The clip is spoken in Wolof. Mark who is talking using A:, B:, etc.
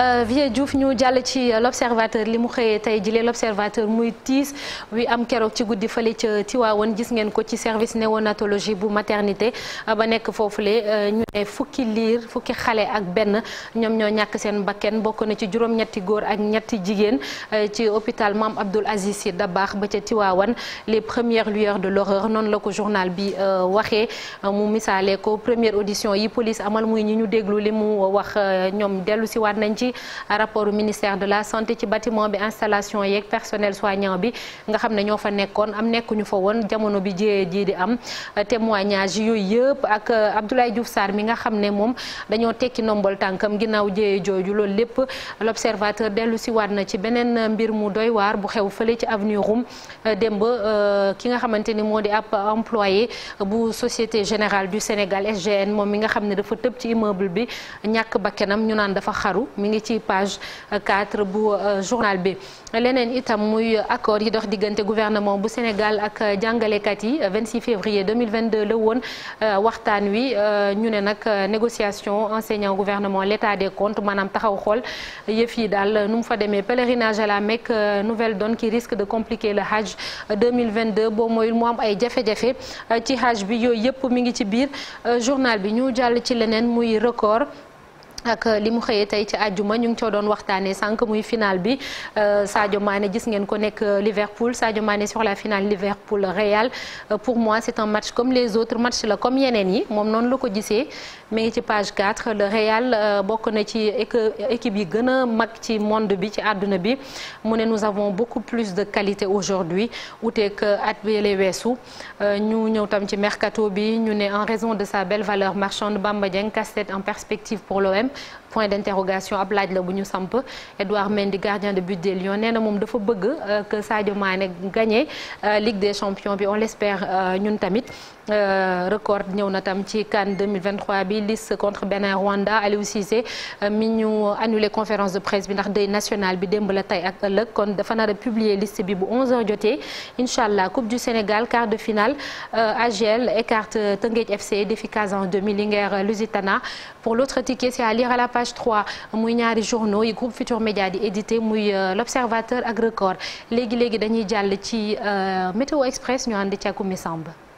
A: Euh, Vieux Diouf ñu jàll ci euh, l'observateur li mu xëyee tey jile l'observateur muy tiis wi am keroog ci guddi fële ca Tiwaawoon gis ngeen ko ci service néonatologie bu maternité euh, ba nekk foofu foofule ñu ne fukki liir fukki xale ak benn ñoom ñoo ñàkk seen bakken bokk na ci juróom-ñetti góor ak ñetti jigéen ci hôpital Maam Abdoul Aziz Sy baax ba ca Tiwaawan les premières lueurs de l'horreur noonu la ko journal bi waxee mu misaalee ko première audition yi police amal muy ñu déglu li mu wax ñoom ci rapport ministère de la santé ci bâtiment bi installation yeeg personnel soignant bi nga xam ne ñoo fa nekkoon am nekkuñu fa woon jamono bi jiyee jii di am témoignage yooyu yëpp ak euh, Abdoulaye Diouf Sarr mi nga xam ne moom dañoo tekki ndombol tànkam ginaaw jiyee jooju loolu lépp l'observateur dellu si waat na ci beneen mbir mu doy waar bu xew fële ci avenue Roume euh, démb euh, ki nga xamante ni moo di ab employé bu Société général du Sénégal SGN moom mi nga xam ne dafa tëb ci bi ñàkk bakkenam ñu ngi ci page 4 bu euh, journal bi leneen itam muy accord yi dox diggante gouvernement bu Sénégal ak jàngalekat yi 26 février 2022 la woon euh, waxtaan wi euh, ñu ne nag négociation enseignant gouvernement l'état de comptes maanaam taxaw xool yëf yi daal nu mu fa demee pèlerinage à la Mecque nouvelle donne qui risque de compliquer la Hajj 2022 boo mooyul mu am ay jafe-jafe ci Hajj bi yooyu yëpp mi ngi ci biir journal bi ñu jàll ci leneen muy record ak euh, li mu xëyee tey ci àjjuma ñu ngi coo doon waxtaanee sànq muy final bi euh, Sadio maane gis ngeen ko nekk euh, Liverpool Sadio Mané sur la finale Liverpool Real pour moi c'est un match comme les autres matchs la comme yeneen yi moom noonu la ko gisee mi ngi ci page 4 le Real bokk na ci équipe yi gën a mag ci monde bi ci àdduna bi mu ne nous avons beaucoup plus de qualité aujourd'hui uteeg at bile weesu ñu ñëw tam ci mercato bi ñu ne en raison de sa belle valeur marchande Bamba Dieng casse perspective pour l'OM point d'interrogation ab laaj la bu ñu samp Edouard Mendy gardien de but des Lions nee na moom dafa bëgg euh, que Sadio Mané gagné euh, Ligue des champions bi on l'espère euh, ñun tamit Euh, record ñëw na tam ci CAN 2023 bi liste contre Bénin Rwanda Aliou euh, mi ñu annulé conférence de presse bi ndax deuil national bi démb la tey ak ëllëg kon dafa nar a publier liste bi bu 11h jotee incha allah coupe du Sénégal quart de finale euh, AGL écarte Teungueth FC défi Casa en demi Linguère Lusitana pour l'autre ticket c'est à lire à la page 3 muy ñaari journaux yi groupe Futur Média di édité muy l'Observateur ak Record léegi léegi dañuy jàll ci météo express ñu ànd ci ak Oumy